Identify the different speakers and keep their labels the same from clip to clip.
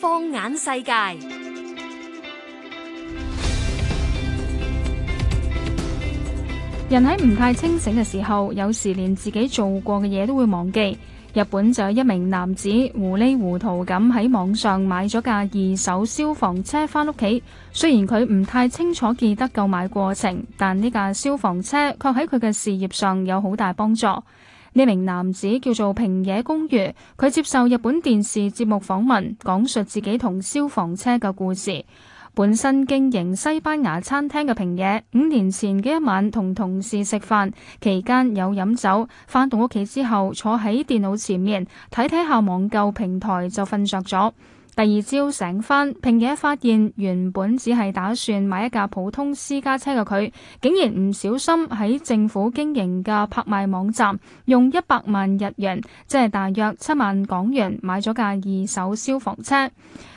Speaker 1: 放眼世界，人喺唔太清醒嘅時候，有時連自己做過嘅嘢都會忘記。日本就有一名男子糊裏糊塗咁喺網上買咗架二手消防車返屋企。雖然佢唔太清楚記得購買過程，但呢架消防車卻喺佢嘅事業上有好大幫助。呢名男子叫做平野公悅，佢接受日本電視節目訪問，講述自己同消防車嘅故事。本身經營西班牙餐廳嘅平野，五年前嘅一晚同同事食飯，期間有飲酒，返到屋企之後坐喺電腦前面睇睇下網購平台就瞓着咗。第二朝醒返，平野發現原本只係打算買一架普通私家車嘅佢，竟然唔小心喺政府經營嘅拍賣網站用一百萬日元，即係大約七萬港元買咗架二手消防車。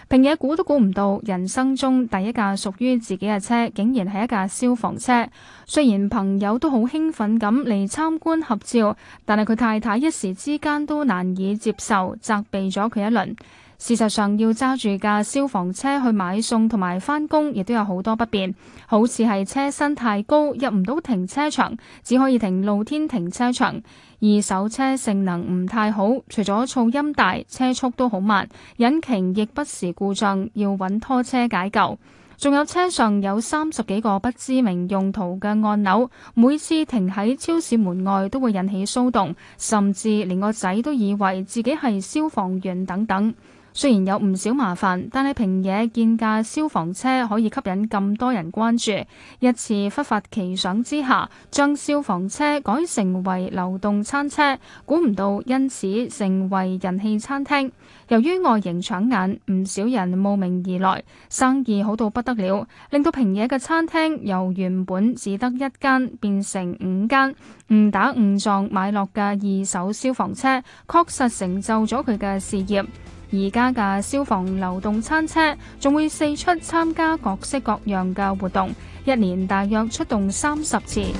Speaker 1: 平野估都估唔到，人生中第一架屬於自己嘅車竟然係一架消防車。雖然朋友都好興奮咁嚟參觀合照，但係佢太太一時之間都難以接受，責備咗佢一輪。事實上，要揸住架消防車去買餸同埋返工，亦都有好多不便。好似係車身太高入唔到停車場，只可以停露天停車場。二手車性能唔太好，除咗噪音大，車速都好慢，引擎亦不時故障，要揾拖車解救。仲有車上有三十幾個不知名用途嘅按鈕，每次停喺超市門外都會引起騷動，甚至連個仔都以為自己係消防員等等。雖然有唔少麻煩，但係平野見架消防車可以吸引咁多人關注，一次忽發奇想之下，將消防車改成為流動餐車，估唔到因此成為人氣餐廳。由於外形搶眼，唔少人慕名而來，生意好到不得了，令到平野嘅餐廳由原本只得一間變成五間。誤打誤撞買落嘅二手消防車，確實成就咗佢嘅事業。而家嘅消防流動餐車仲會四出參加各式各樣嘅活動，一年大約出動三十次。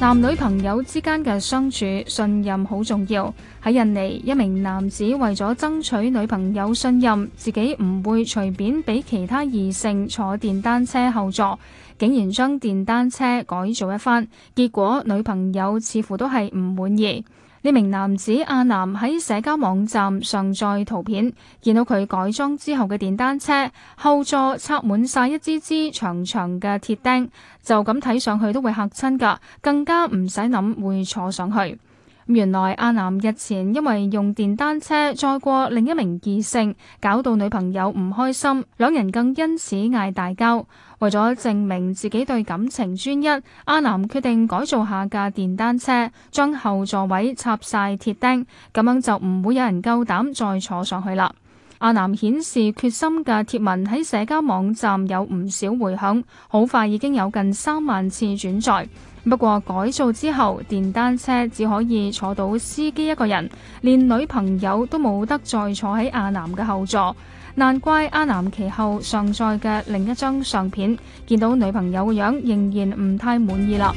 Speaker 1: 男女朋友之間嘅相處，信任好重要。喺印尼，一名男子為咗爭取女朋友信任，自己唔會隨便俾其他異性坐電單車後座，竟然將電單車改造一番，結果女朋友似乎都係唔滿意。呢名男子阿南喺社交網站上載圖片，見到佢改裝之後嘅電單車，後座插滿晒一支支長長嘅鐵釘，就咁睇上去都會嚇親㗎，更加唔使諗會坐上去。原來阿南日前因為用電單車載過另一名異性，搞到女朋友唔開心，兩人更因此嗌大交。為咗證明自己對感情專一，阿南決定改造下架電單車，將後座位插晒鐵釘，咁樣就唔會有人夠膽再坐上去啦。阿南顯示決心嘅貼文喺社交網站有唔少回響，好快已經有近三萬次轉載。不過改造之後，電單車只可以坐到司機一個人，連女朋友都冇得再坐喺阿南嘅後座。難怪阿南其後上載嘅另一張相片，見到女朋友嘅樣，仍然唔太滿意啦。